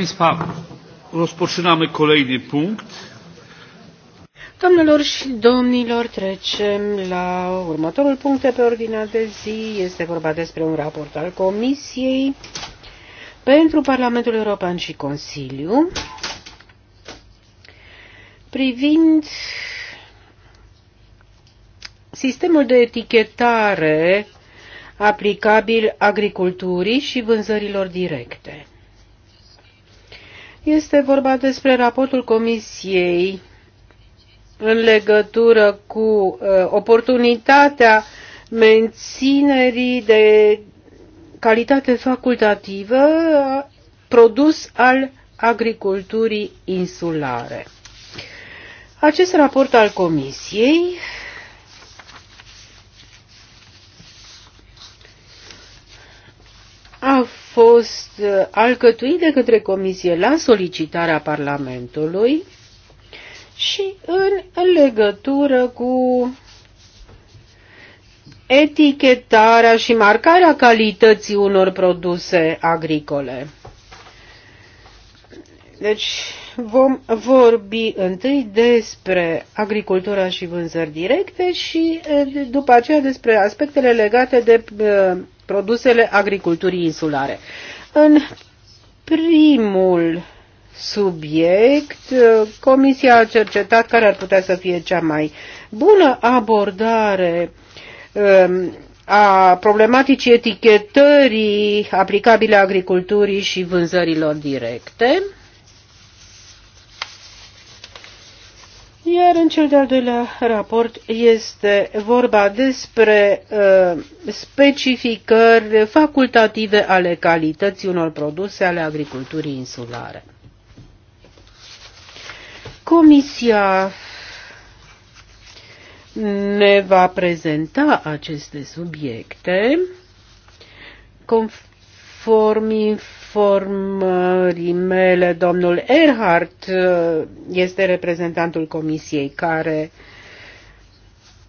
Państwa, rozpoczynamy kolejny punct. Domnilor și domnilor, trecem la următorul punct de pe ordinea de zi. Este vorba despre un raport al Comisiei pentru Parlamentul European și Consiliu privind sistemul de etichetare aplicabil agriculturii și vânzărilor directe. Este vorba despre raportul Comisiei în legătură cu uh, oportunitatea menținerii de calitate facultativă produs al agriculturii insulare. Acest raport al Comisiei a fost uh, alcătuit de către Comisie la solicitarea Parlamentului și în legătură cu etichetarea și marcarea calității unor produse agricole. Deci, vom vorbi întâi despre agricultura și vânzări directe și după aceea despre aspectele legate de produsele agriculturii insulare. În primul subiect, Comisia a cercetat care ar putea să fie cea mai bună abordare a problematicii etichetării aplicabile agriculturii și vânzărilor directe. Iar în cel de-al doilea raport este vorba despre uh, specificări facultative ale calității unor produse ale agriculturii insulare. Comisia ne va prezenta aceste subiecte conform informării mele, domnul Erhard uh, este reprezentantul comisiei care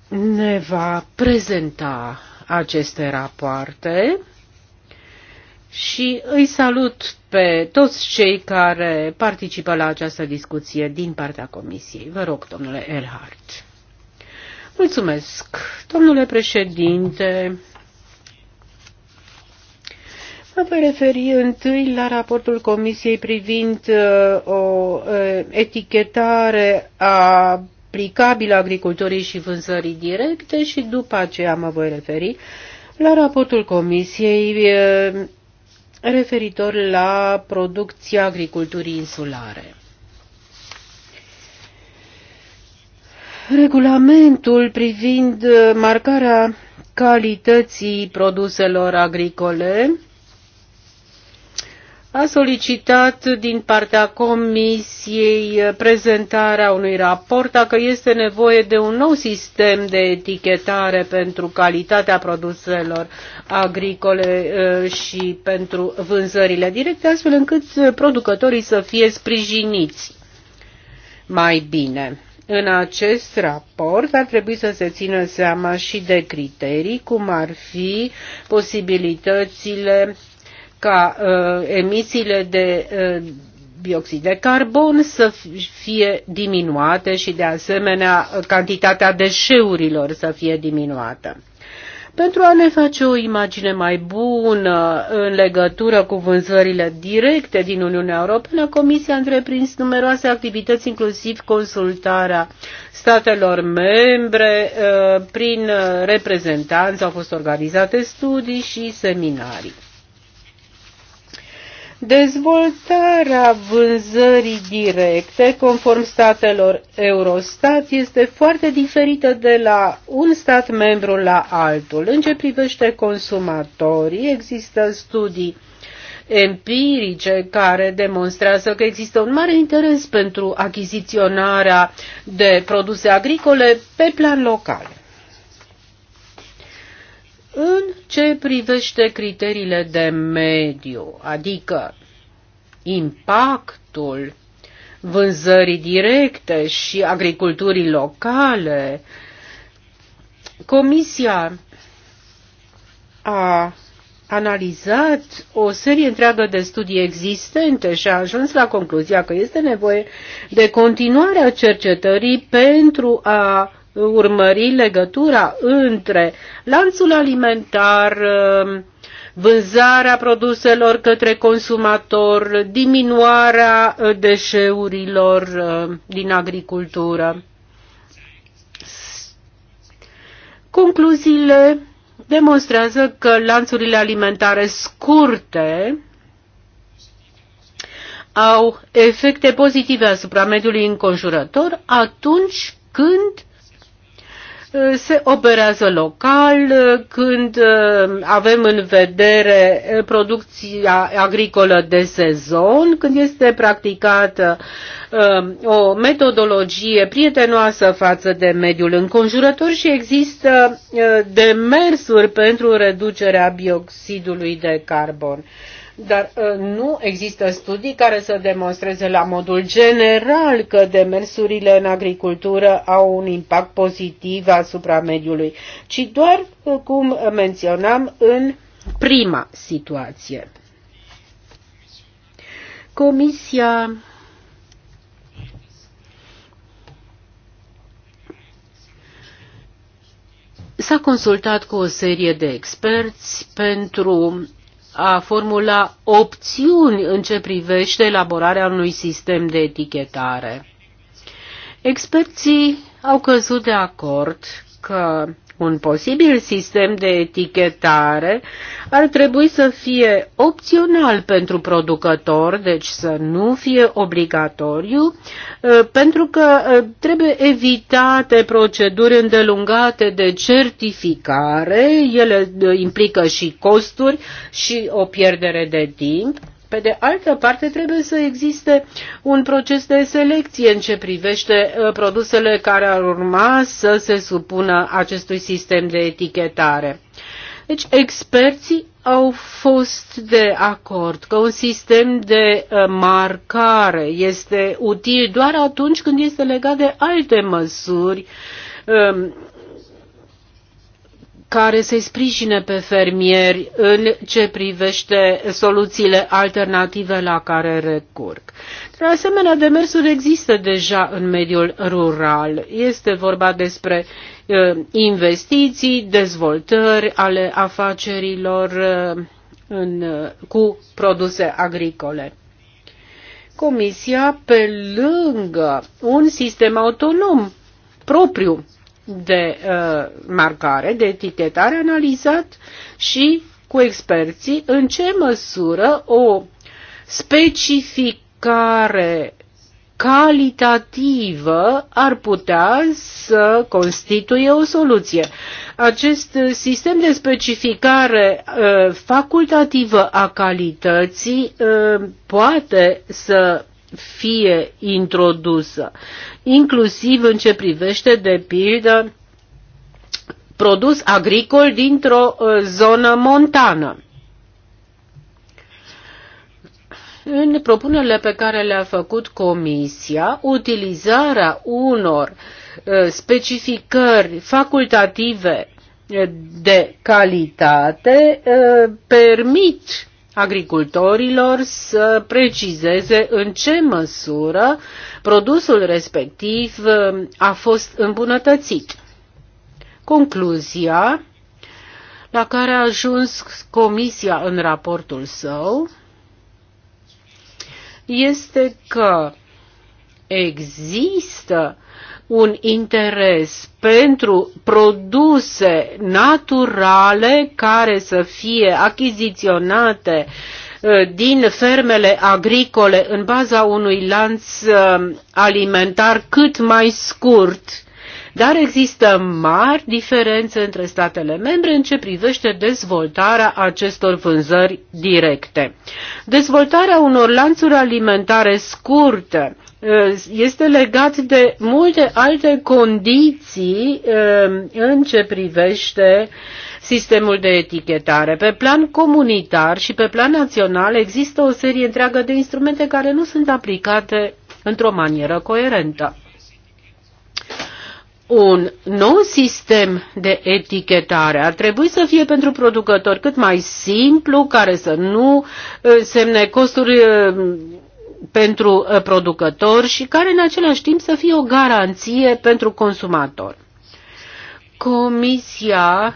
ne va prezenta aceste rapoarte și îi salut pe toți cei care participă la această discuție din partea comisiei. Vă rog, domnule Erhard. Mulțumesc, domnule președinte, Mă voi referi întâi la raportul Comisiei privind uh, o uh, etichetare a aplicabilă agricultorii și vânzării directe și după aceea mă voi referi la raportul Comisiei uh, referitor la producția agriculturii insulare. Regulamentul privind uh, marcarea calității produselor agricole a solicitat din partea Comisiei eh, prezentarea unui raport dacă este nevoie de un nou sistem de etichetare pentru calitatea produselor agricole eh, și pentru vânzările directe, astfel încât producătorii să fie sprijiniți mai bine. În acest raport ar trebui să se țină seama și de criterii, cum ar fi posibilitățile ca uh, emisiile de uh, dioxid de carbon să fie diminuate și de asemenea cantitatea deșeurilor să fie diminuată. Pentru a ne face o imagine mai bună în legătură cu vânzările directe din Uniunea Europeană, Comisia a întreprins numeroase activități, inclusiv consultarea statelor membre. Uh, prin uh, reprezentanți au fost organizate studii și seminarii. Dezvoltarea vânzării directe conform statelor Eurostat este foarte diferită de la un stat membru la altul. În ce privește consumatorii, există studii empirice care demonstrează că există un mare interes pentru achiziționarea de produse agricole pe plan local. ce privește criteriile de mediu, adică impactul vânzării directe și agriculturii locale, Comisia a analizat o serie întreagă de studii existente și a ajuns la concluzia că este nevoie de continuarea cercetării pentru a urmări legătura între lanțul alimentar, um, vânzarea produselor către consumator, diminuarea uh, deșeurilor uh, din agricultură. Concluziile demonstrează că lanțurile alimentare scurte au efecte pozitive asupra mediului înconjurător atunci când se operează local când uh, avem în vedere uh, producția agricolă de sezon, când este practicată uh, o metodologie prietenoasă față de mediul înconjurător și există demersuri pentru reducerea bioxidului de carbon dar uh, nu există studii care să demonstreze la modul general că demersurile în agricultură au un impact pozitiv asupra mediului, ci doar, uh, cum menționam, în prima situație. Comisia s-a consultat cu o serie de experți pentru a formula opțiuni în ce privește elaborarea unui sistem de etichetare. Experții au căzut de acord că un posibil sistem de etichetare ar trebui să fie opțional pentru producător, deci să nu fie obligatoriu, ă, pentru că ă, trebuie evitate proceduri îndelungate de certificare, ele ă, implică și costuri și o pierdere de timp pe de altă parte, trebuie să existe un proces de selecție în ce privește uh, produsele care ar urma să se supună acestui sistem de etichetare. Deci, experții au fost de acord că un sistem de uh, marcare este util doar atunci când este legat de alte măsuri um, care să-i sprijine pe fermieri în ce privește soluțiile alternative la care recurg. De asemenea, demersuri există deja în mediul rural. Este vorba despre uh, investiții, dezvoltări ale afacerilor uh, în, uh, cu produse agricole. Comisia, pe lângă un sistem autonom propriu de uh, marcare, de etichetare analizat și cu experții în ce măsură o specificare calitativă ar putea să constituie o soluție. Acest sistem de specificare uh, facultativă a calității uh, poate să fie introdusă, inclusiv în ce privește, de pildă, produs agricol dintr-o uh, zonă montană. În propunerile pe care le-a făcut Comisia, utilizarea unor uh, specificări facultative uh, de calitate permit agricultorilor să precizeze în ce măsură produsul respectiv uh, a fost îmbunătățit. Concluzia la care a ajuns Comisia în raportul său este că există un interes pentru produse naturale care să fie achiziționate uh, din fermele agricole în baza unui lanț uh, alimentar cât mai scurt. Dar există mari diferențe între statele membre în ce privește dezvoltarea acestor vânzări directe. Dezvoltarea unor lanțuri alimentare scurte Eh, este legat de multe alte condiții eh, în ce privește sistemul de etichetare. Pe plan comunitar și pe plan național există o serie întreagă de instrumente care nu sunt aplicate într-o manieră coerentă. Un nou sistem de etichetare ar trebui să fie pentru producători cât mai simplu, care să nu eh, semne costuri pentru uh, producător și care în același timp să fie o garanție pentru consumator. Comisia,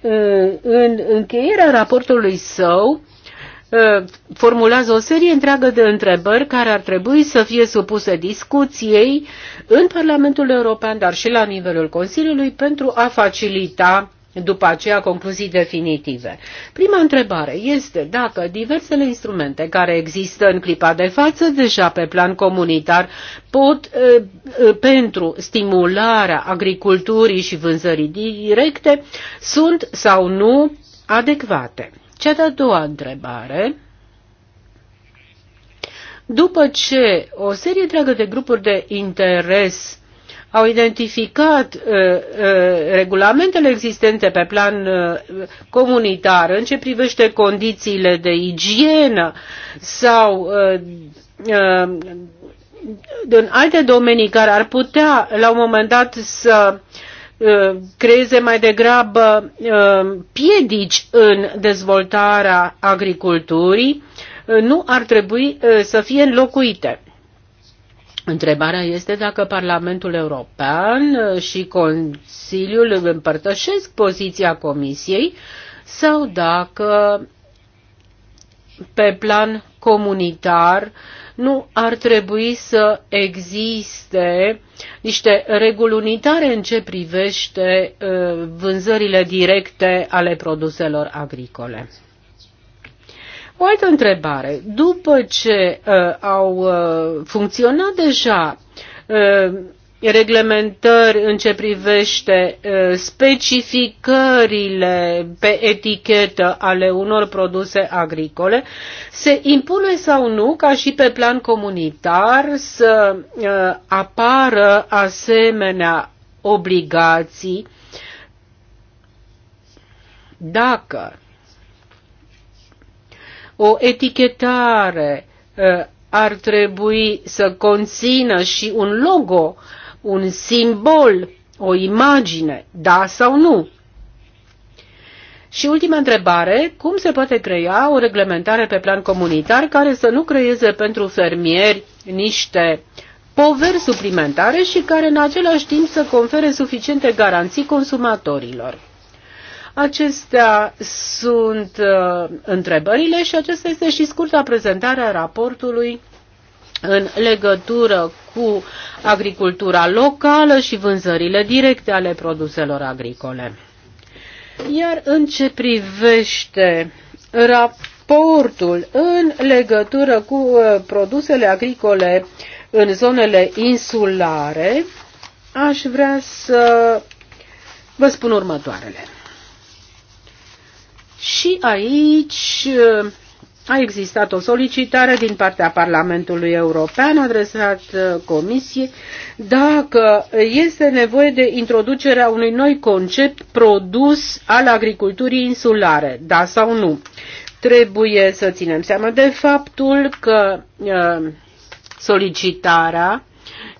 uh, în încheierea raportului său, uh, formulează o serie întreagă de întrebări care ar trebui să fie supuse discuției în Parlamentul European, dar și la nivelul Consiliului, pentru a facilita după aceea concluzii definitive. Prima întrebare este dacă diversele instrumente care există în clipa de față deja pe plan comunitar pot pentru stimularea agriculturii și vânzării directe sunt sau nu adecvate. Cea de-a doua întrebare după ce o serie întreagă de grupuri de interes au identificat uh, uh, regulamentele existente pe plan uh, comunitar în ce privește condițiile de igienă sau uh, uh, în alte domenii care ar putea la un moment dat să uh, creeze mai degrabă uh, piedici în dezvoltarea agriculturii, uh, nu ar trebui să fie înlocuite. Întrebarea este dacă Parlamentul European și Consiliul împărtășesc poziția Comisiei sau dacă pe plan comunitar nu ar trebui să existe niște reguli unitare în ce privește uh, vânzările directe ale produselor agricole. O altă întrebare. După ce uh, au uh, funcționat deja uh, reglementări în ce privește uh, specificările pe etichetă ale unor produse agricole, se impune sau nu ca și pe plan comunitar să uh, apară asemenea obligații dacă o etichetare ă, ar trebui să conțină și un logo, un simbol, o imagine, da sau nu? Și ultima întrebare, cum se poate crea o reglementare pe plan comunitar care să nu creeze pentru fermieri niște poveri suplimentare și care în același timp să confere suficiente garanții consumatorilor? Acestea sunt uh, întrebările și acesta este și scurta prezentare a raportului în legătură cu agricultura locală și vânzările directe ale produselor agricole. Iar în ce privește raportul în legătură cu uh, produsele agricole în zonele insulare, aș vrea să vă spun următoarele. Și aici eh, a existat o solicitare din partea Parlamentului European adresat Comisiei dacă este nevoie de introducerea unui noi concept produs al agriculturii insulare, da sau nu. Trebuie să ținem seama de faptul că eh, solicitarea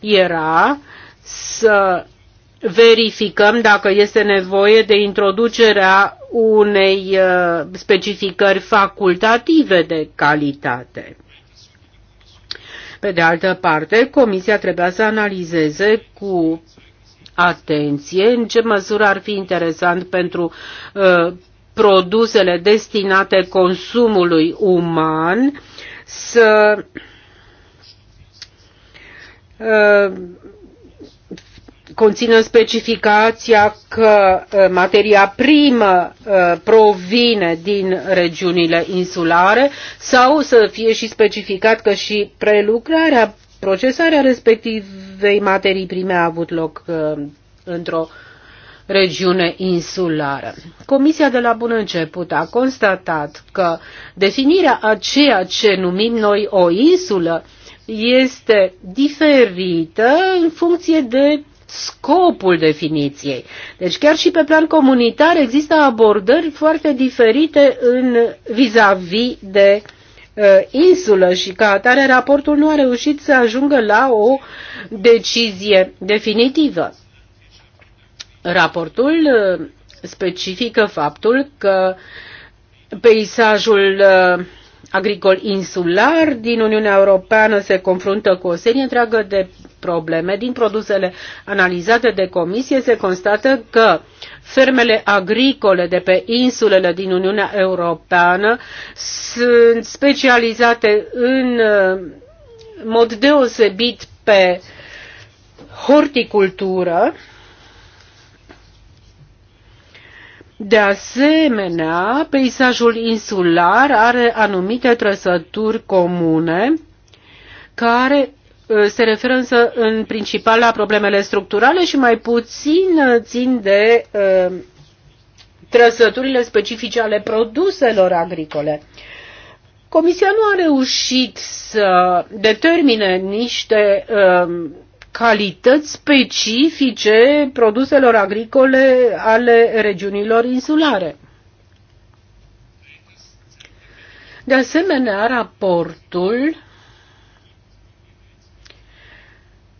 era să verificăm dacă este nevoie de introducerea unei uh, specificări facultative de calitate. Pe de altă parte, Comisia trebuia să analizeze cu atenție în ce măsură ar fi interesant pentru uh, produsele destinate consumului uman să uh, conțină specificația că materia primă provine din regiunile insulare sau să fie și specificat că și prelucrarea, procesarea respectivei materii prime a avut loc într-o regiune insulară. Comisia de la bun început a constatat că definirea a ceea ce numim noi o insulă este diferită în funcție de scopul definiției. Deci chiar și pe plan comunitar există abordări foarte diferite în vis-a-vis -vis de uh, insulă și ca atare raportul nu a reușit să ajungă la o decizie definitivă. Raportul uh, specifică faptul că peisajul uh, agricol insular din Uniunea Europeană se confruntă cu o serie întreagă de probleme. Din produsele analizate de comisie se constată că fermele agricole de pe insulele din Uniunea Europeană sunt specializate în uh, mod deosebit pe horticultură, de asemenea, peisajul insular are anumite trăsături comune care Uh, se referă însă în principal la problemele structurale și mai puțin uh, țin de uh, trăsăturile specifice ale produselor agricole. Comisia nu a reușit să determine niște um, calități specifice produselor agricole ale regiunilor insulare. De asemenea, raportul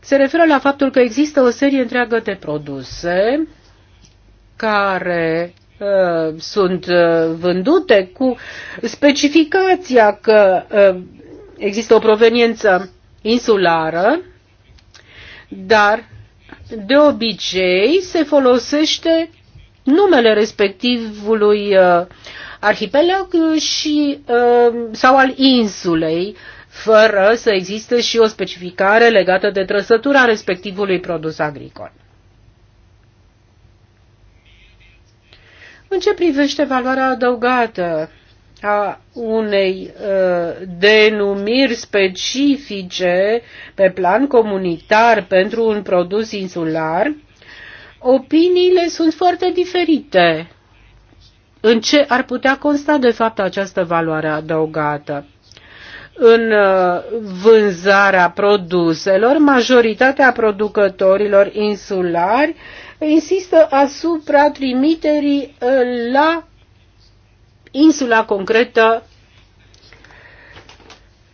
se referă la faptul că există o serie întreagă de produse care uh, sunt uh, vândute cu specificația că uh, există o proveniență insulară, dar de obicei se folosește numele respectivului uh, arhipelag și, uh, sau al insulei fără să existe și o specificare legată de trăsătura respectivului produs agricol. În ce privește valoarea adăugată a unei uh, denumiri specifice pe plan comunitar pentru un produs insular, opiniile sunt foarte diferite. În ce ar putea consta de fapt această valoare adăugată? în uh, vânzarea produselor, majoritatea producătorilor insulari insistă asupra trimiterii uh, la insula concretă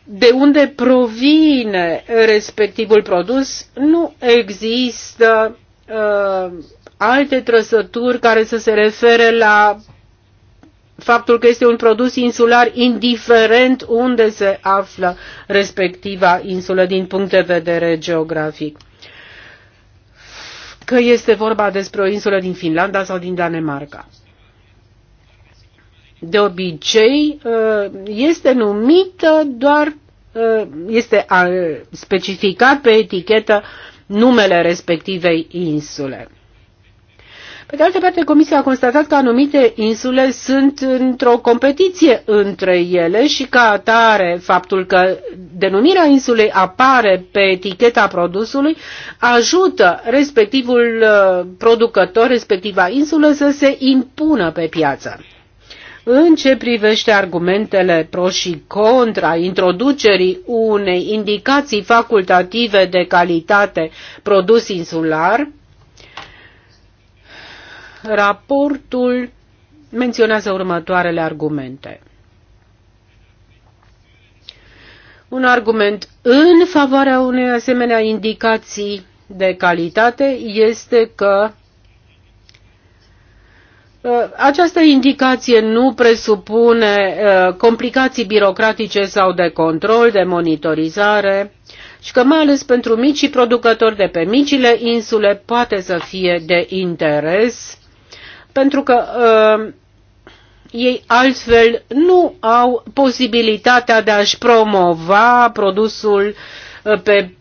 de unde provine respectivul produs, nu există uh, alte trăsături care să se refere la faptul că este un produs insular indiferent unde se află respectiva insulă din punct de vedere geografic. Că este vorba despre o insulă din Finlanda sau din Danemarca. De obicei uh, este numită doar, uh, este uh, specificat pe etichetă numele respectivei insule. Pe de altă parte, Comisia a constatat că anumite insule sunt într-o competiție între ele și ca atare faptul că denumirea insulei apare pe eticheta produsului ajută respectivul uh, producător, respectiva insulă să se impună pe piață. În ce privește argumentele pro și contra introducerii unei indicații facultative de calitate produs insular, raportul menționează următoarele argumente. Un argument în favoarea unei asemenea indicații de calitate este că uh, această indicație nu presupune uh, complicații birocratice sau de control, de monitorizare și că mai ales pentru micii producători de pe micile insule poate să fie de interes pentru că uh, ei altfel nu au posibilitatea de a-și promova produsul uh, pe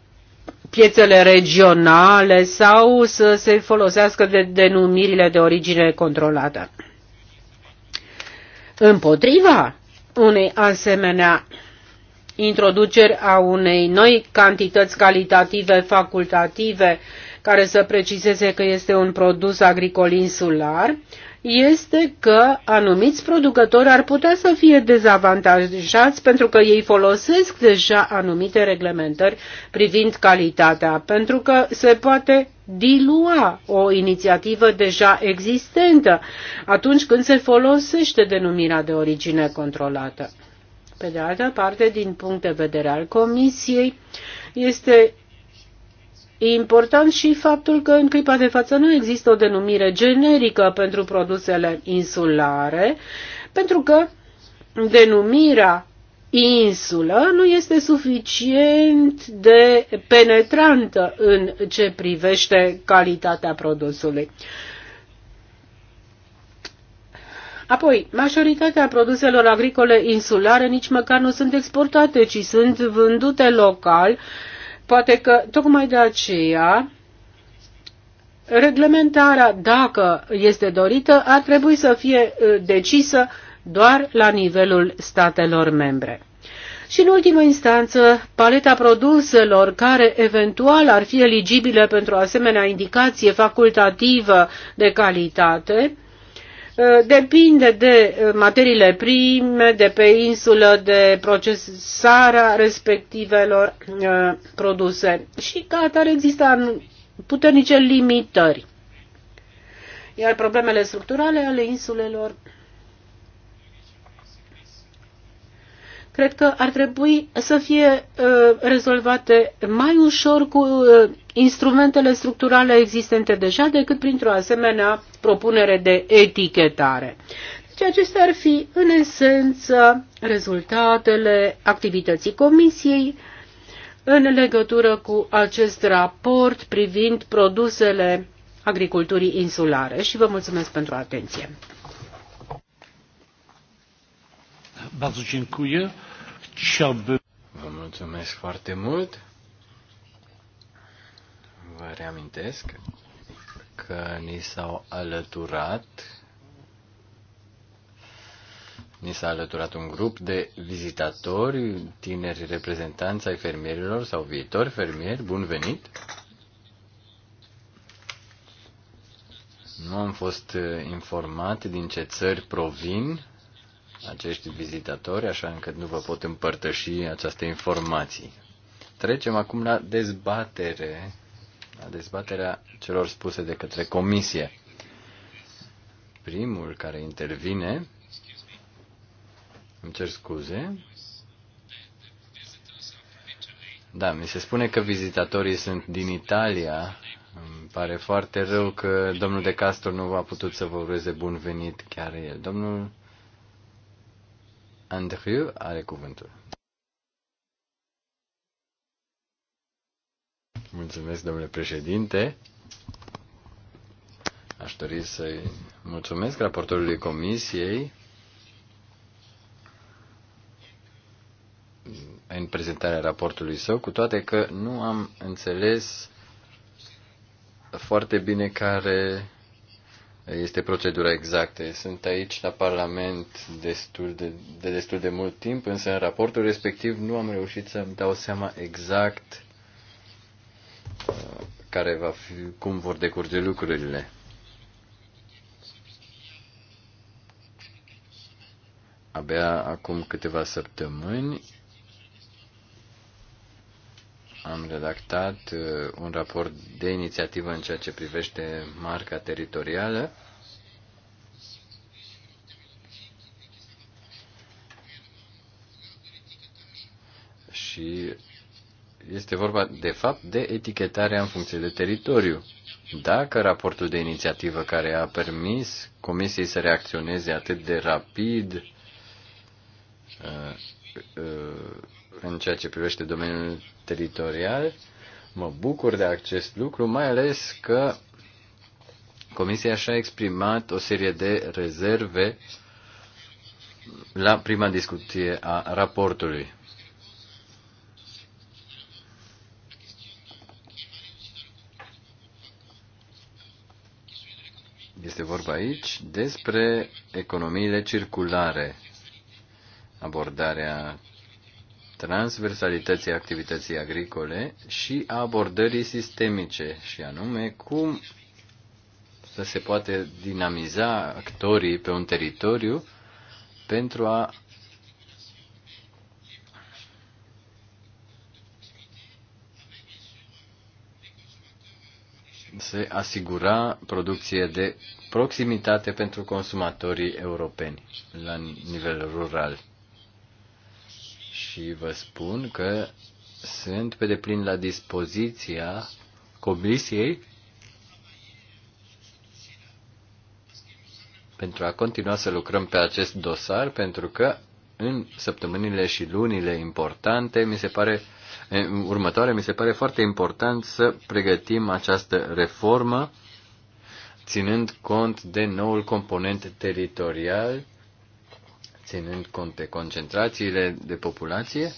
piețele regionale sau să se folosească de denumirile de origine controlată. Împotriva unei asemenea introduceri a unei noi cantități calitative facultative uh, care să precizeze că este un produs agricol insular, este că anumiți producători ar putea să fie dezavantajați pentru că ei folosesc deja anumite reglementări privind calitatea, pentru că se poate dilua o inițiativă deja existentă atunci când se folosește denumirea de origine controlată. Pe de altă parte, din punct de vedere al Comisiei, este important și faptul că în clipa de față nu există o denumire generică pentru produsele insulare, pentru că denumirea insulă nu este suficient de penetrantă în ce privește calitatea produsului. Apoi, majoritatea produselor agricole insulare nici măcar nu sunt exportate, ci sunt vândute local Poate că tocmai de aceea reglementarea, dacă este dorită, ar trebui să fie uh, decisă doar la nivelul statelor membre. Și în ultimă instanță, paleta produselor care eventual ar fi eligibile pentru asemenea indicație facultativă de calitate Uh, depinde de uh, materiile prime, de pe insulă, de procesarea respectivelor uh, produse. Și ca atare există puternice limitări. Iar problemele structurale ale insulelor cred că ar trebui să fie rezolvate mai ușor cu instrumentele structurale existente deja decât printr-o asemenea propunere de etichetare. Deci acestea ar fi, în esență, rezultatele activității Comisiei în legătură cu acest raport privind produsele agriculturii insulare. Și vă mulțumesc pentru atenție. Vă mulțumesc foarte mult vă reamintesc că ni s-au alăturat ni s-a alăturat un grup de vizitatori, tineri reprezentanți ai fermierilor sau viitori fermieri. Bun venit! Nu am fost uh, informat din ce țări provin acești vizitatori, așa încât nu vă pot împărtăși această informații. Trecem acum la dezbatere la dezbaterea celor spuse de către comisie. Primul care intervine, îmi cer scuze, da, mi se spune că vizitatorii sunt din Italia. Îmi pare foarte rău că domnul De Castro nu a putut să vă ureze bun venit chiar el. Domnul Andriu are cuvântul. Mulțumesc, domnule președinte. Aș dori să-i mulțumesc raportorului comisiei în prezentarea raportului său, cu toate că nu am înțeles foarte bine care este procedura exactă. Sunt aici la Parlament destul de, de destul de mult timp, însă în raportul respectiv nu am reușit să-mi dau seama exact care va fi, cum vor decurge lucrurile. Abia acum câteva săptămâni am redactat uh, un raport de inițiativă în ceea ce privește marca teritorială. Și este vorba, de fapt, de etichetarea în funcție de teritoriu. Dacă raportul de inițiativă care a permis Comisiei să reacționeze atât de rapid uh, uh, în ceea ce privește domeniul teritorial, mă bucur de acest lucru, mai ales că Comisia și-a exprimat o serie de rezerve la prima discuție a raportului. Este vorba aici despre economiile circulare, abordarea transversalității activității agricole și a abordării sistemice, și anume cum să se poate dinamiza actorii pe un teritoriu pentru a se asigura producție de proximitate pentru consumatorii europeni la nivel rural. Și vă spun că sunt pe deplin la dispoziția Comisiei pentru a continua să lucrăm pe acest dosar, pentru că în săptămânile și lunile importante mi se pare următoare, mi se pare foarte important să pregătim această reformă ținând cont de noul component teritorial, ținând cont de concentrațiile de populație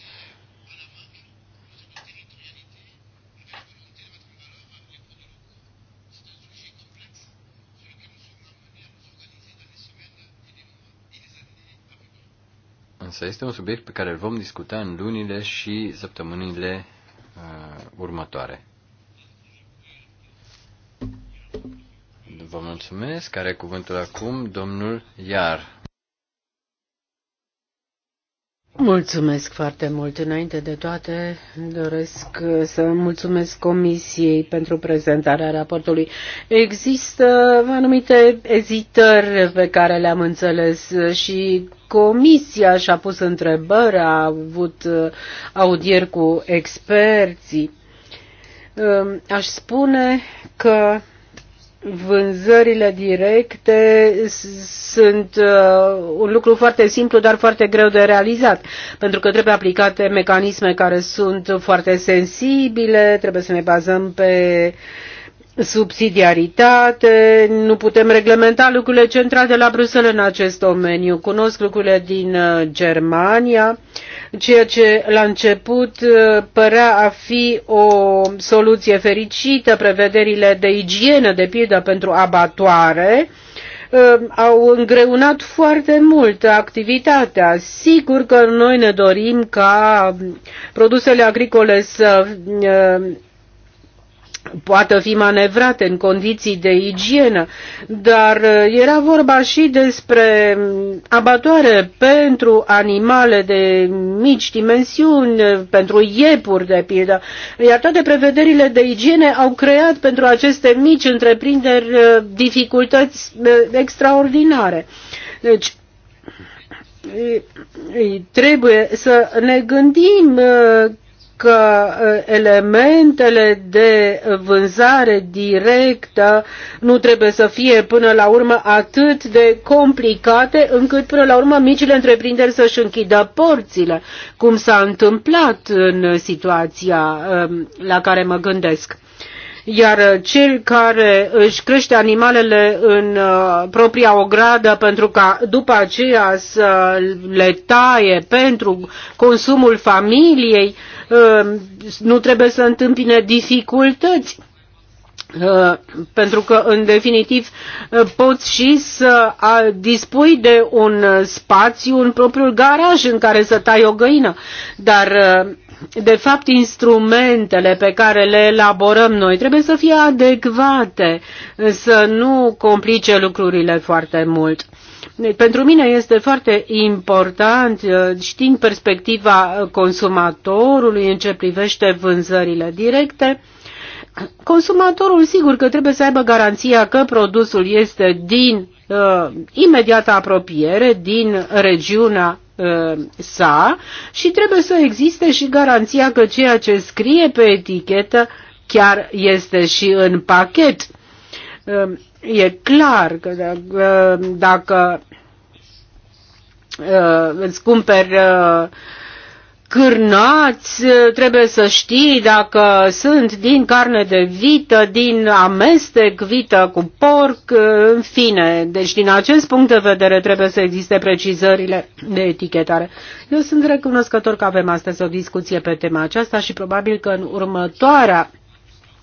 Însă este un subiect pe care îl vom discuta în lunile și săptămânile uh, următoare. Vă mulțumesc. Care cuvântul acum domnul Iar. Mulțumesc foarte mult. Înainte de toate, doresc să mulțumesc Comisiei pentru prezentarea raportului. Există anumite ezitări pe care le-am înțeles și Comisia și-a pus întrebări, a avut uh, audieri cu experții. Um, aș spune că vânzările directe sunt uh, un lucru foarte simplu, dar foarte greu de realizat, pentru că trebuie aplicate mecanisme care sunt foarte sensibile, trebuie să ne bazăm pe subsidiaritate, nu putem reglementa lucrurile centrale de la Bruxelles în acest domeniu. Cunosc lucrurile din uh, Germania, uh, ceea ce la început uh, părea a fi o soluție fericită, prevederile de igienă, de pildă pentru abatoare, uh, au îngreunat foarte mult activitatea. Sigur că noi ne dorim ca produsele agricole să uh, poată fi manevrate în condiții de igienă, dar uh, era vorba și despre mm, abatoare pentru animale de mici dimensiuni, uh, pentru iepuri de pildă. Iar toate prevederile de igiene au creat pentru aceste mici întreprinderi uh, dificultăți extraordinare. Deci, trebuie să ne gândim că elementele de vânzare directă nu trebuie să fie până la urmă atât de complicate încât până la urmă micile întreprinderi să-și închidă porțile, cum s-a întâmplat în situația la care mă gândesc iar cel care își crește animalele în uh, propria ogradă pentru ca după aceea să le taie pentru consumul familiei, uh, nu trebuie să întâmpine dificultăți uh, pentru că, în definitiv, poți și să dispui de un spațiu în propriul garaj în care să tai o găină. Dar de fapt, instrumentele pe care le elaborăm noi trebuie să fie adecvate, să nu complice lucrurile foarte mult. Deci, pentru mine este foarte important, uh, știind perspectiva consumatorului în ce privește vânzările directe, consumatorul sigur că trebuie să aibă garanția că produsul este din uh, imediată apropiere, din regiunea Uh, sa și trebuie să existe și garanția că ceea ce scrie pe etichetă chiar este și în pachet. Uh, e clar că uh, dacă îți cumperi cârnați, trebuie să știi dacă sunt din carne de vită, din amestec, vită cu porc, în fine. Deci din acest punct de vedere trebuie să existe precizările de etichetare. Eu sunt recunoscător că avem astăzi o discuție pe tema aceasta și probabil că în următoarea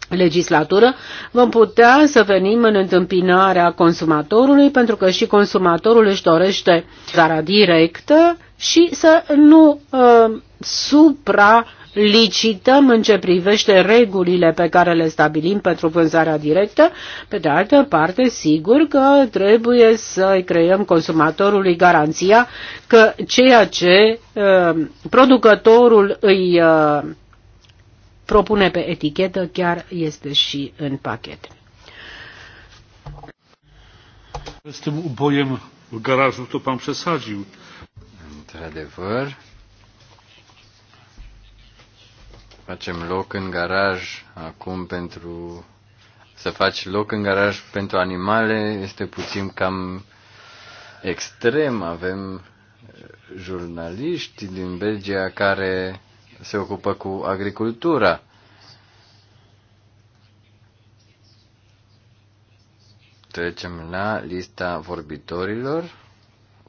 legislatură, vom putea să venim în întâmpinarea consumatorului, pentru că și consumatorul își dorește zara directă și să nu uh, supra licităm în ce privește regulile pe care le stabilim pentru vânzarea directă. Pe de altă parte, sigur că trebuie să creăm consumatorului garanția că ceea ce uh, producătorul îi uh, propune pe etichetă chiar este și în pachet. Jestem ubojem w garażu to pan przesadził. Într-adevăr, facem loc în garaj acum pentru să faci loc în garaj pentru animale este puțin cam extrem. Avem uh, jurnaliști din Belgia care se ocupă cu agricultura. Trecem la lista vorbitorilor.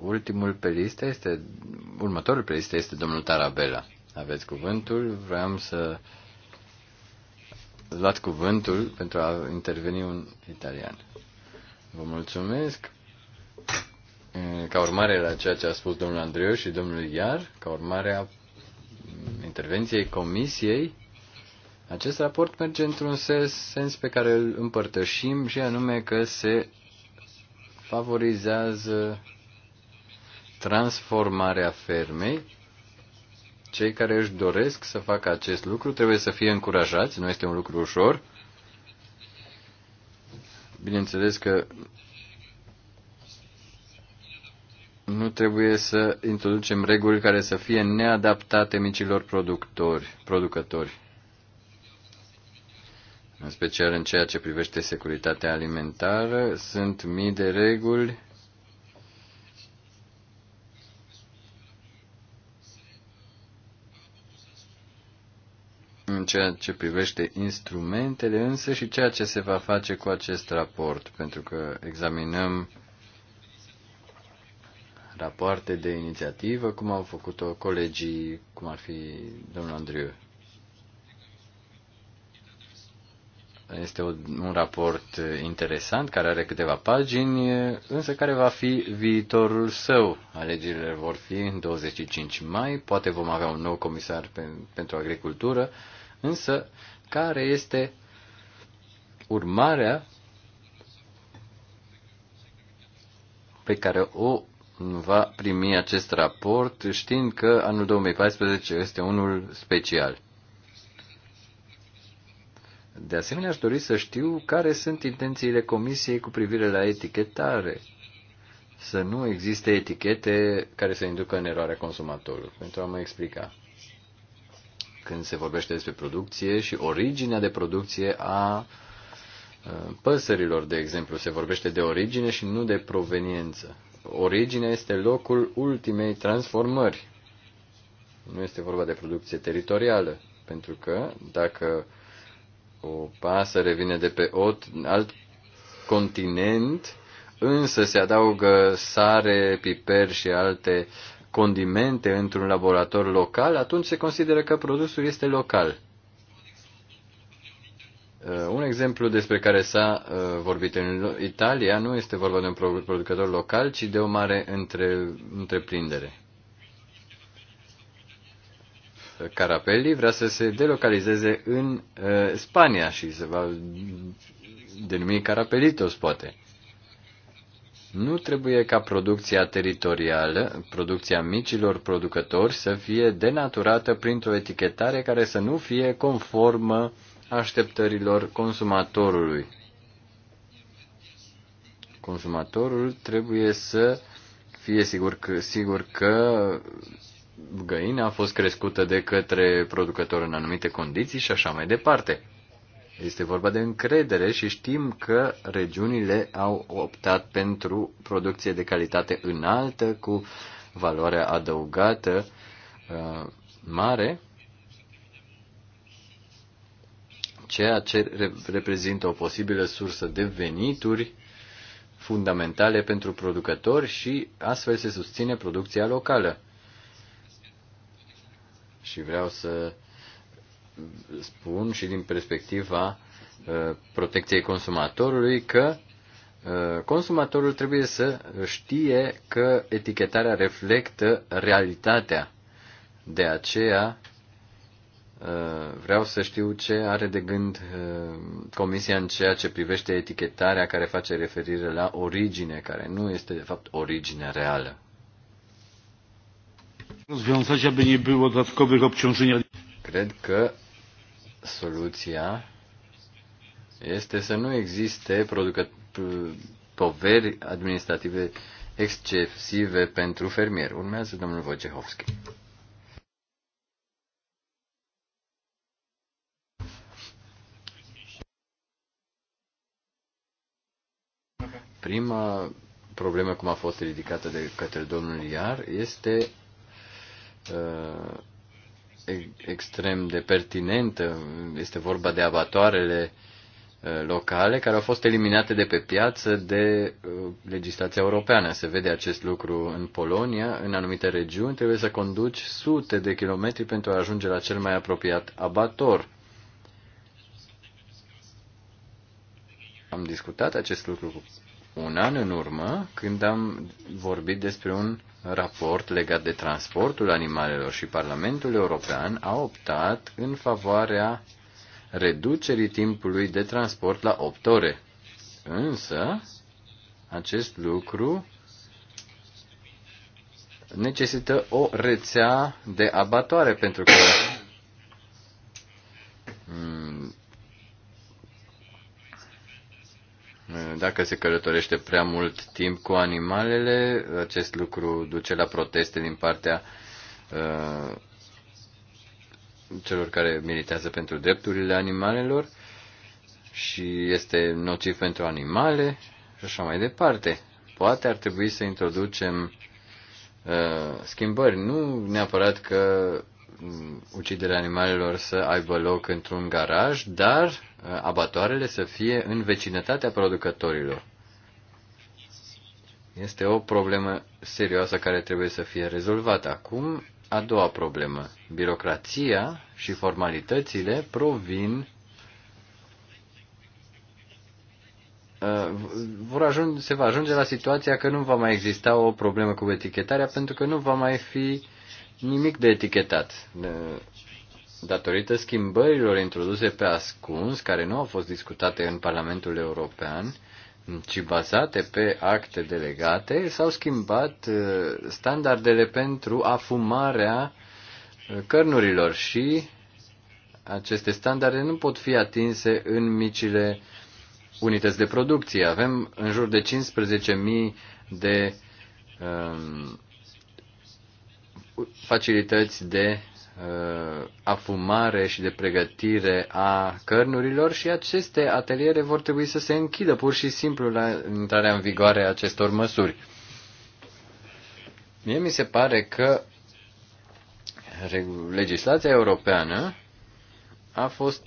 Ultimul pe listă este, următorul pe listă este domnul Tarabella. Aveți cuvântul, vreau să luați cuvântul pentru a interveni un italian. Vă mulțumesc. Ca urmare la ceea ce a spus domnul Andreu și domnul Iar, ca urmare a intervenției comisiei, acest raport merge într-un sens, sens pe care îl împărtășim și anume că se favorizează transformarea fermei. Cei care își doresc să facă acest lucru trebuie să fie încurajați, nu este un lucru ușor. Bineînțeles că nu trebuie să introducem reguli care să fie neadaptate micilor productori, producători, în special în ceea ce privește securitatea alimentară. Sunt mii de reguli în ceea ce privește instrumentele însă și ceea ce se va face cu acest raport, pentru că examinăm rapoarte de inițiativă, cum au făcut-o colegii, cum ar fi domnul Andriu. Este un raport interesant, care are câteva pagini, însă care va fi viitorul său. Alegerile vor fi în 25 mai, poate vom avea un nou comisar pe, pentru agricultură Însă, care este urmarea pe care o va primi acest raport, știind că anul 2014 este unul special. De asemenea, aș dori să știu care sunt intențiile Comisiei cu privire la etichetare. Să nu existe etichete care să inducă în eroarea consumatorului, pentru a mă explica când se vorbește despre producție și originea de producție a păsărilor, de exemplu. Se vorbește de origine și nu de proveniență. Originea este locul ultimei transformări. Nu este vorba de producție teritorială, pentru că dacă o pasăre vine de pe ot, alt continent, însă se adaugă sare, piper și alte condimente într-un laborator local, atunci se consideră că produsul este local. Uh, un exemplu despre care s-a uh, vorbit în Italia nu este vorba de un producător local, ci de o mare între, întreprindere. Carapelli vrea să se delocalizeze în uh, Spania și se va denumi Carapelitos, poate. Nu trebuie ca producția teritorială, producția micilor producători, să fie denaturată printr-o etichetare care să nu fie conformă așteptărilor consumatorului. Consumatorul trebuie să fie sigur că, sigur că găina a fost crescută de către producător în anumite condiții și așa mai departe. Este vorba de încredere și știm că regiunile au optat pentru producție de calitate înaltă, cu valoare adăugată uh, mare, ceea ce reprezintă o posibilă sursă de venituri fundamentale pentru producători și astfel se susține producția locală. Și vreau să spun și din perspectiva uh, protecției consumatorului că uh, consumatorul trebuie să știe că etichetarea reflectă realitatea. De aceea uh, vreau să știu ce are de gând Comisia în ceea ce privește etichetarea care face referire la origine, care nu este de fapt origine reală. Cred că soluția este să nu existe producă, poveri administrative excesive pentru fermier. Urmează domnul Wojciechowski. Prima problemă, cum a fost ridicată de către domnul Iar, este uh, extrem de pertinentă. Este vorba de abatoarele locale care au fost eliminate de pe piață de legislația europeană. Se vede acest lucru în Polonia, în anumite regiuni trebuie să conduci sute de kilometri pentru a ajunge la cel mai apropiat abator. Am discutat acest lucru un an în urmă când am vorbit despre un raport legat de transportul animalelor și Parlamentul European a optat în favoarea reducerii timpului de transport la 8 ore. Însă, acest lucru necesită o rețea de abatoare, pentru că Dacă se călătorește prea mult timp cu animalele, acest lucru duce la proteste din partea uh, celor care militează pentru drepturile animalelor și este nociv pentru animale și așa mai departe. Poate ar trebui să introducem uh, schimbări, nu neapărat că Mm, uciderea animalelor să aibă loc într-un garaj, dar uh, abatoarele să fie în vecinătatea producătorilor. Este o problemă serioasă care trebuie să fie rezolvată. Acum, a doua problemă. Birocrația și formalitățile provin uh, vor ajunge, se va ajunge la situația că nu va mai exista o problemă cu etichetarea pentru că nu va mai fi nimic de etichetat. Datorită schimbărilor introduse pe ascuns, care nu au fost discutate în Parlamentul European, ci bazate pe acte delegate, s-au schimbat uh, standardele pentru afumarea uh, cărnurilor și aceste standarde nu pot fi atinse în micile unități de producție. Avem în jur de 15.000 de um, facilități de uh, afumare și de pregătire a cărnurilor și aceste ateliere vor trebui să se închidă pur și simplu la intrarea în vigoare a acestor măsuri. Mie mi se pare că legislația europeană a fost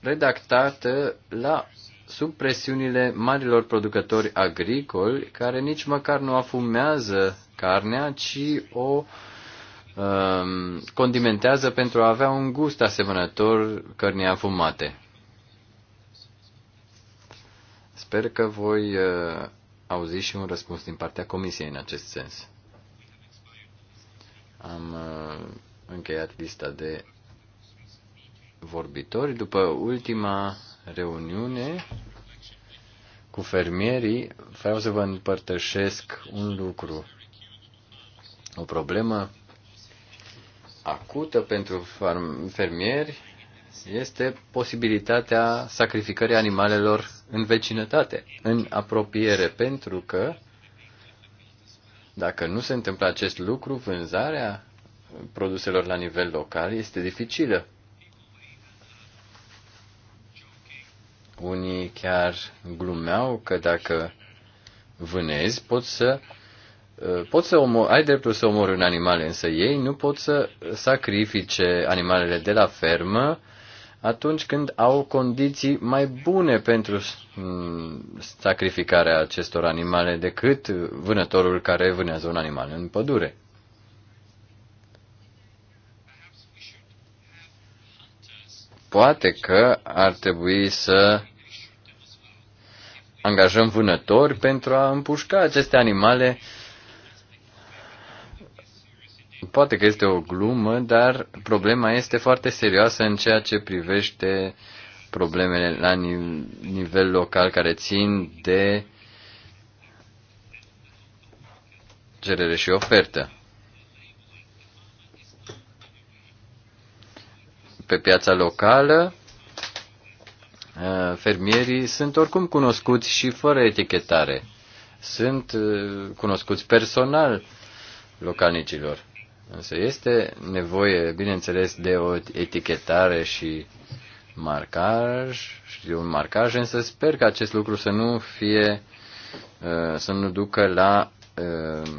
redactată la sub presiunile marilor producători agricoli care nici măcar nu afumează carnea, ci o uh, Um, condimentează pentru a avea un gust asemănător cărnii afumate. Sper că voi uh, auzi și un răspuns din partea Comisiei în acest sens. Am uh, încheiat lista de vorbitori. După ultima reuniune cu fermierii, vreau să vă împărtășesc un lucru, o problemă acută pentru fermieri este posibilitatea sacrificării animalelor în vecinătate, în apropiere, pentru că dacă nu se întâmplă acest lucru, vânzarea produselor la nivel local este dificilă. Unii chiar glumeau că dacă vânezi, poți să uh, Eh, poți să omor, ai dreptul să omori un animal, însă ei nu pot să sacrifice animalele de la fermă atunci când au condiții mai bune pentru mm, sacrificarea acestor animale decât vânătorul care vânează un animal în pădure. Poate că ar trebui să angajăm vânători pentru a împușca aceste animale uh, Poate că este o glumă, dar problema este foarte serioasă în ceea ce privește problemele la nivel local care țin de cerere și ofertă. Pe piața locală, ă, fermierii sunt oricum cunoscuți și fără etichetare. Sunt ă, cunoscuți personal localnicilor. Însă este nevoie, bineînțeles, de o etichetare și marcaj și un marcaj, însă sper că acest lucru să nu fie, uh, să nu ducă la uh,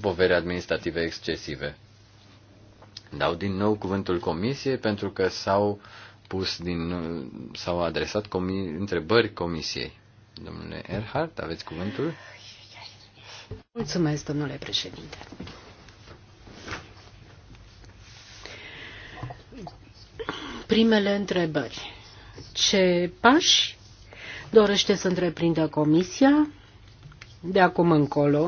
povere administrative excesive. Dau din nou cuvântul comisiei pentru că s-au pus din, s-au adresat comi, întrebări comisiei. Domnule Erhard, aveți cuvântul? Mulțumesc, domnule președinte. Primele întrebări. Ce pași dorește să întreprindă Comisia de acum încolo?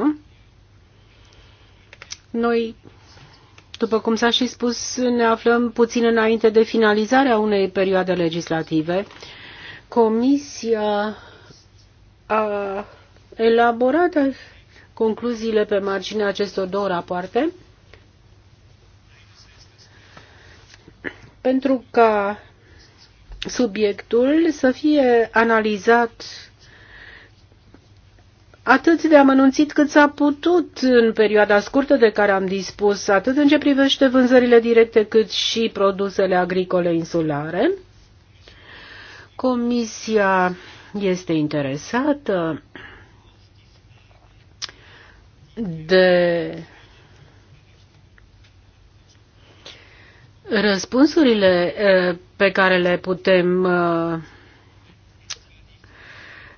Noi după cum s-a și spus, ne aflăm puțin înainte de finalizarea unei perioade legislative. Comisia a elaborat concluziile pe marginea acestor două rapoarte. Pentru ca subiectul să fie analizat atât de amănunțit cât s-a putut în perioada scurtă de care am dispus, atât în ce privește vânzările directe cât și produsele agricole insulare. Comisia este interesată de răspunsurile pe care le putem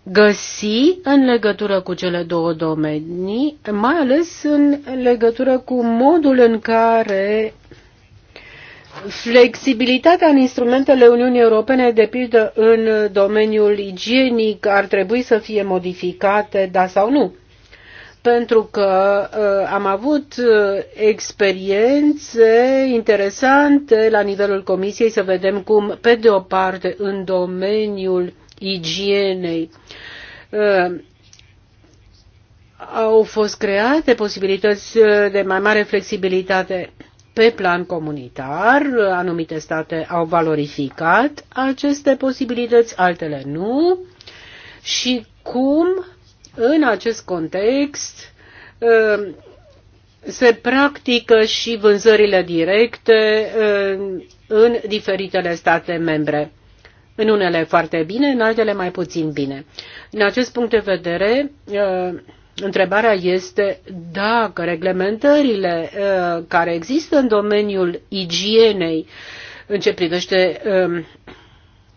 găsi în legătură cu cele două domenii, mai ales în legătură cu modul în care flexibilitatea în instrumentele Uniunii Europene, de pildă în domeniul igienic, ar trebui să fie modificate, da sau nu pentru că uh, am avut uh, experiențe interesante la nivelul Comisiei să vedem cum, pe de o parte, în domeniul igienei uh, au fost create posibilități de mai mare flexibilitate pe plan comunitar, anumite state au valorificat aceste posibilități, altele nu, și cum în acest context uh, se practică și vânzările directe uh, în diferitele state membre. În unele foarte bine, în altele mai puțin bine. În acest punct de vedere, uh, Întrebarea este dacă reglementările care există în domeniul igienei în ce privește um,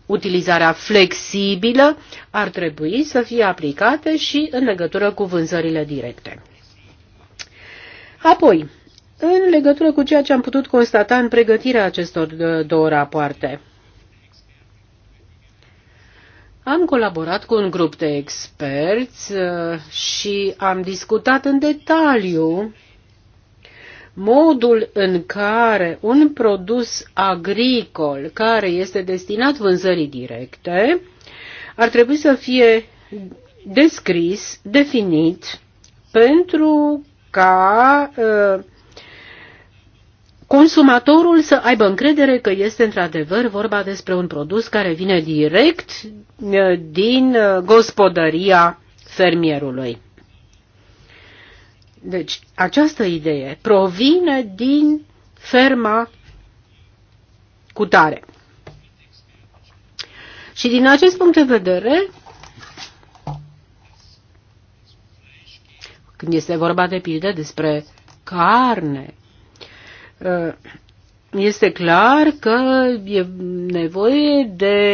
utilizarea flexibilă ar trebui să fie aplicată și în legătură cu vânzările directe. Apoi, în legătură cu ceea ce am putut constata în pregătirea acestor două rapoarte, am colaborat cu un grup de experți uh, și am discutat în detaliu modul în care un produs agricol care este destinat vânzării directe ar trebui să fie descris, definit, pentru ca ă, consumatorul să aibă încredere că este într-adevăr vorba despre un produs care vine direct ă, din ă, gospodăria fermierului. Deci, această idee provine din ferma cutare. Și din acest punct de vedere, când este vorba de pildă despre carne, este clar că e nevoie de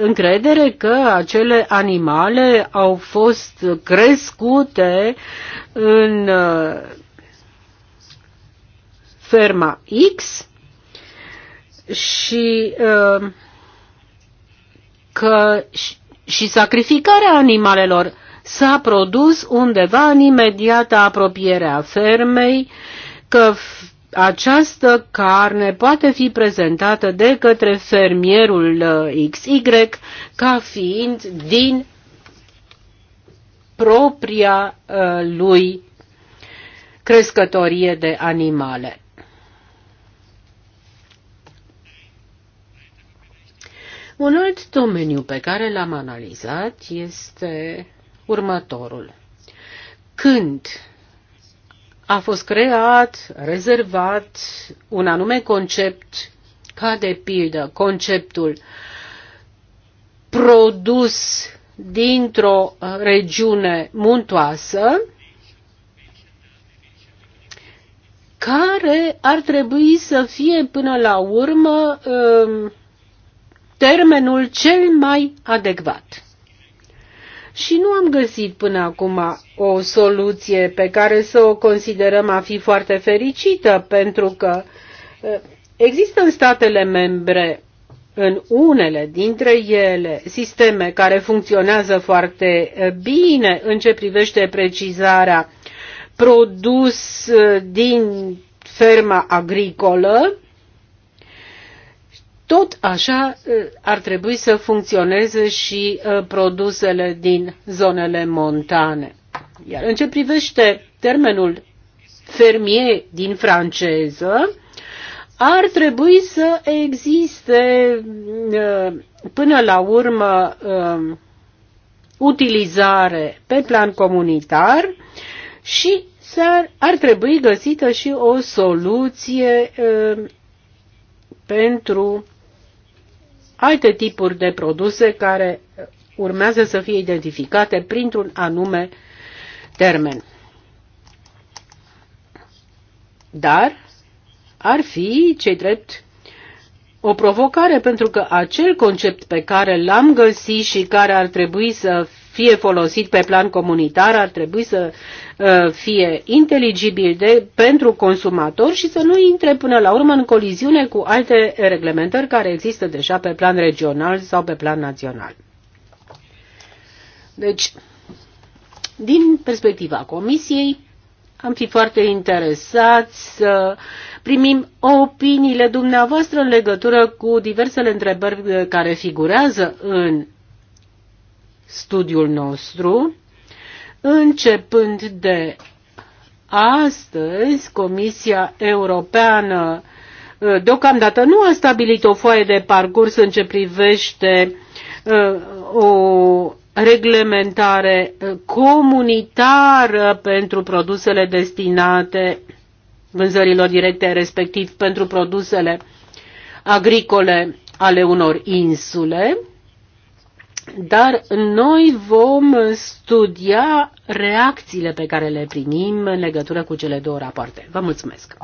încredere că acele animale au fost crescute în uh, ferma X și uh, că și sacrificarea animalelor s-a produs undeva în imediata apropiere a fermei, că această carne poate fi prezentată de către fermierul uh, XY ca fiind din propria uh, lui crescătorie de animale. Un alt domeniu pe care l-am analizat este următorul. Când a fost creat, rezervat un anume concept, ca de pildă conceptul produs dintr-o uh, regiune muntoasă, care ar trebui să fie până la urmă um, termenul cel mai adecvat și nu am găsit până acum o soluție pe care să o considerăm a fi foarte fericită, pentru că există în statele membre, în unele dintre ele, sisteme care funcționează foarte bine în ce privește precizarea produs din ferma agricolă, tot așa uh, ar trebui să funcționeze și uh, produsele din zonele montane. Iar în ce privește termenul fermier din franceză, ar trebui să existe uh, până la urmă utilizare pe plan comunitar și ar ar trebui găsită și o soluție pentru alte tipuri de produse care urmează să fie identificate printr-un anume termen. Dar ar fi, cei drept, o provocare pentru că acel concept pe care l-am găsit și care ar trebui să fie folosit pe plan comunitar ar trebui să uh, fie inteligibil de, pentru consumator și să nu intre până la urmă în coliziune cu alte reglementări care există deja pe plan regional sau pe plan național. Deci, din perspectiva Comisiei, am fi foarte interesați să primim opiniile dumneavoastră în legătură cu diversele întrebări care figurează în studiul nostru. Începând de astăzi, Comisia Europeană ă, deocamdată nu a stabilit o foaie de parcurs în ce privește ă, o reglementare ă, comunitară pentru produsele destinate vânzărilor directe, respectiv pentru produsele agricole ale unor insule dar noi vom studia reacțiile pe care le primim în legătură cu cele două rapoarte. Vă mulțumesc!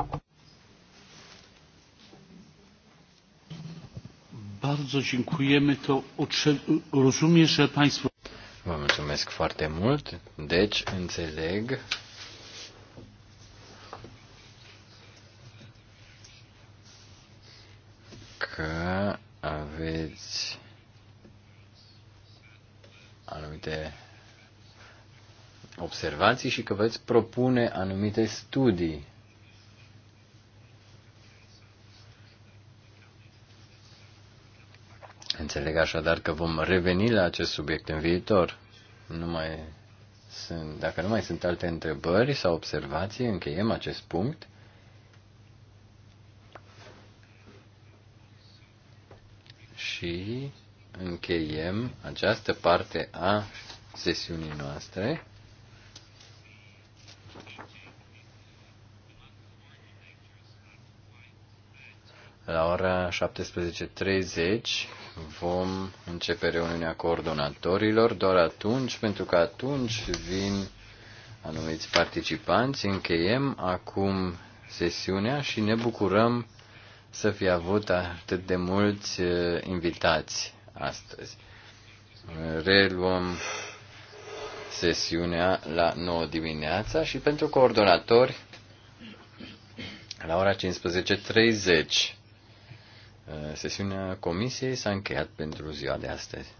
Vă mulțumesc foarte mult. Deci, înțeleg că aveți anumite observații și că veți propune anumite studii. Înțeleg așadar că vom reveni la acest subiect în viitor. Nu mai sunt, dacă nu mai sunt alte întrebări sau observații, încheiem acest punct. Și încheiem această parte a sesiunii noastre. La ora 17.30 vom începe reuniunea coordonatorilor, doar atunci, pentru că atunci vin anumiți participanți. Încheiem acum sesiunea și ne bucurăm să fie avut atât de mulți eh, invitați astăzi. Reluăm sesiunea la 9 dimineața și pentru coordonatori la ora 15.30. Sesiunea comisiei s-a încheiat pentru ziua de astăzi.